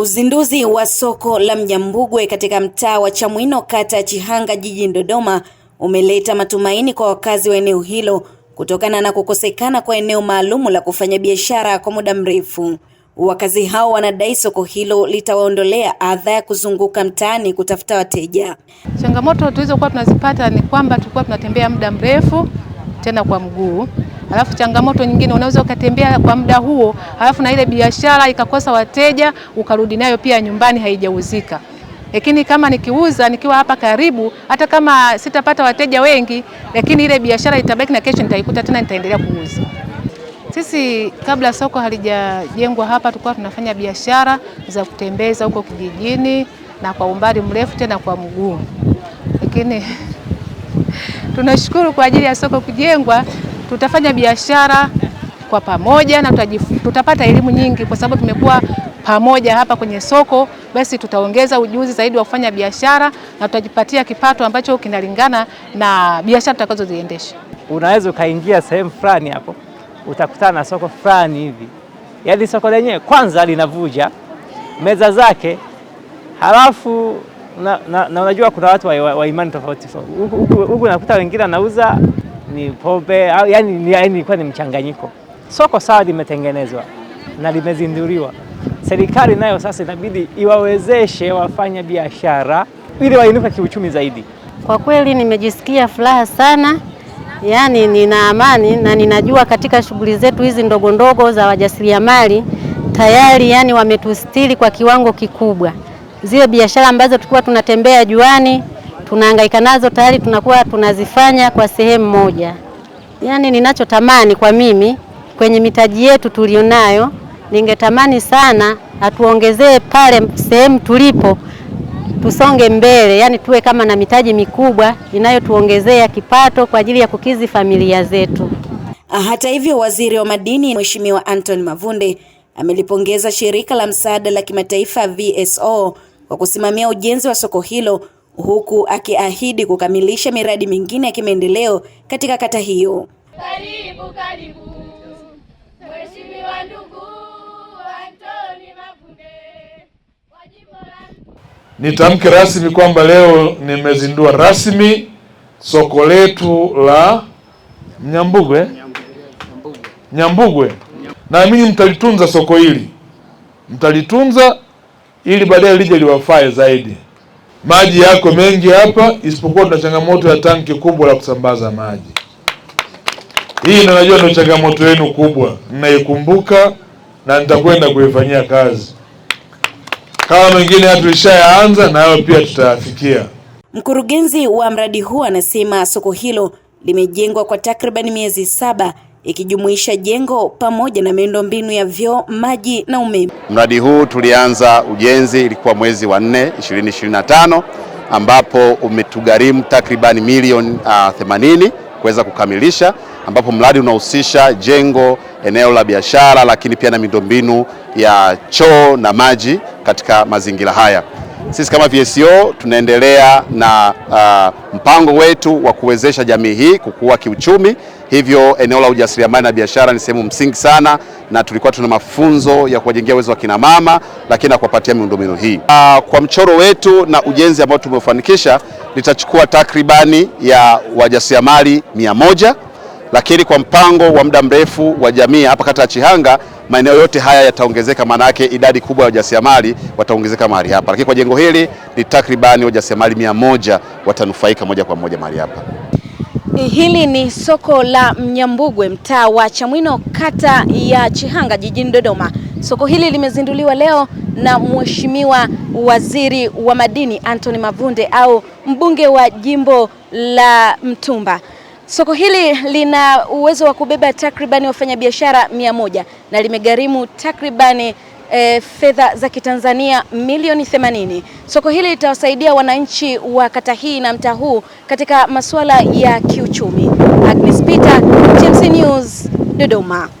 Uzinduzi wa soko la Mnyambugwe katika mtaa wa Chamwino kata ya Chihanga jijini Dodoma umeleta matumaini kwa wakazi wa eneo hilo kutokana na kukosekana kwa eneo maalumu la kufanya biashara kwa muda mrefu. Wakazi hao wanadai soko hilo litawaondolea adha ya kuzunguka mtaani kutafuta wateja. Changamoto tulizokuwa tunazipata ni kwamba tulikuwa tunatembea muda mrefu tena kwa mguu Alafu changamoto nyingine, unaweza ukatembea kwa muda huo, alafu na ile biashara ikakosa wateja, ukarudi nayo pia nyumbani haijauzika. Lakini kama nikiuza nikiwa hapa karibu, hata kama sitapata wateja wengi, lakini ile biashara itabaki na kesho nitaikuta tena, nitaendelea kuuza. Sisi kabla soko halijajengwa hapa, tulikuwa tunafanya biashara za kutembeza huko kijijini na kwa umbali mrefu tena kwa mguu, lakini tunashukuru kwa ajili ya soko kujengwa tutafanya biashara kwa pamoja na tutapata elimu nyingi, kwa sababu tumekuwa pamoja hapa kwenye soko, basi tutaongeza ujuzi zaidi wa kufanya biashara na tutajipatia kipato ambacho kinalingana na biashara tutakazoziendesha. Unaweza ukaingia sehemu fulani hapo utakutana na soko fulani hivi, yaani soko lenyewe kwanza linavuja meza zake, halafu na, na, na unajua kuna watu wa, wa, wa imani tofauti huku, nakuta wengine anauza ni pombe au yani, yani ilikuwa ni mchanganyiko. Soko sawa limetengenezwa na limezinduliwa. Serikali nayo sasa inabidi iwawezeshe wafanya biashara ili wainuke kiuchumi zaidi. Kwa kweli nimejisikia furaha sana, yani nina amani na ninajua katika shughuli zetu hizi ndogo ndogo za wajasiriamali tayari yani wametustiri kwa kiwango kikubwa. Zile biashara ambazo tulikuwa tunatembea juani tunahangaika nazo tayari tunakuwa tunazifanya kwa sehemu moja. Yaani ninachotamani kwa mimi kwenye mitaji yetu tulionayo, ningetamani sana atuongezee pale sehemu tulipo, tusonge mbele, yaani tuwe kama na mitaji mikubwa inayotuongezea kipato kwa ajili ya kukizi familia zetu. Ah, hata hivyo, waziri wa madini Mheshimiwa Anton Mavunde amelipongeza shirika la msaada la kimataifa VSO kwa kusimamia ujenzi wa soko hilo huku akiahidi kukamilisha miradi mingine ya kimaendeleo katika kata hiyo. Karibu, karibu. Mheshimiwa ndugu Anthony Mavunde. Nitamke rasmi kwamba leo nimezindua rasmi soko letu la Mnyambugwe, Nyambugwe. Naamini mtalitunza soko hili, mtalitunza ili baadaye lije liwafae zaidi maji yako mengi hapa, isipokuwa tuna changamoto ya tanki kubwa la kusambaza maji. Hii najua ndio changamoto yenu kubwa, mnaikumbuka na nitakwenda kuifanyia kazi. Kama mengine hatulishayaanza, na hayo pia tutayafikia. Mkurugenzi wa mradi huu anasema soko hilo limejengwa kwa takribani miezi saba ikijumuisha jengo pamoja na miundombinu ya vyoo, maji na umeme. Mradi huu tulianza ujenzi ilikuwa mwezi wa 4 2025, ambapo umetugharimu takribani milioni uh, ah, 80 kuweza kukamilisha, ambapo mradi unahusisha jengo, eneo la biashara, lakini pia na miundombinu ya choo na maji katika mazingira haya. Sisi kama VSO tunaendelea na uh, mpango wetu wa kuwezesha jamii hii kukua kiuchumi. Hivyo eneo la ujasiriamali na biashara ni sehemu msingi sana, na tulikuwa tuna mafunzo ya kuwajengea uwezo wa kina mama, lakini na kuwapatia miundombinu hii. Ah, kwa mchoro wetu na ujenzi ambao tumefanikisha, litachukua takribani ya wajasiriamali mia moja, lakini kwa mpango wa muda mrefu wa jamii hapa kata ya Chihanga maeneo yote haya yataongezeka, maana yake idadi kubwa ya wajasiriamali wataongezeka mahali hapa, lakini kwa jengo hili ni takribani wajasiriamali mia moja watanufaika moja kwa moja mahali hapa. Eh, hili ni soko la Mnyambugwe mtaa wa Chamwino kata ya Chihanga jijini Dodoma. Soko hili limezinduliwa leo na Mheshimiwa Waziri wa Madini Anthony Mavunde au mbunge wa jimbo la Mtumba. Soko hili lina uwezo wa kubeba takribani wafanyabiashara mia moja na limegharimu takribani e, fedha za Kitanzania milioni 80. Soko hili litawasaidia wananchi wa kata hii na mtaa huu katika masuala ya kiuchumi. Agnes Peter, TMC News, Dodoma.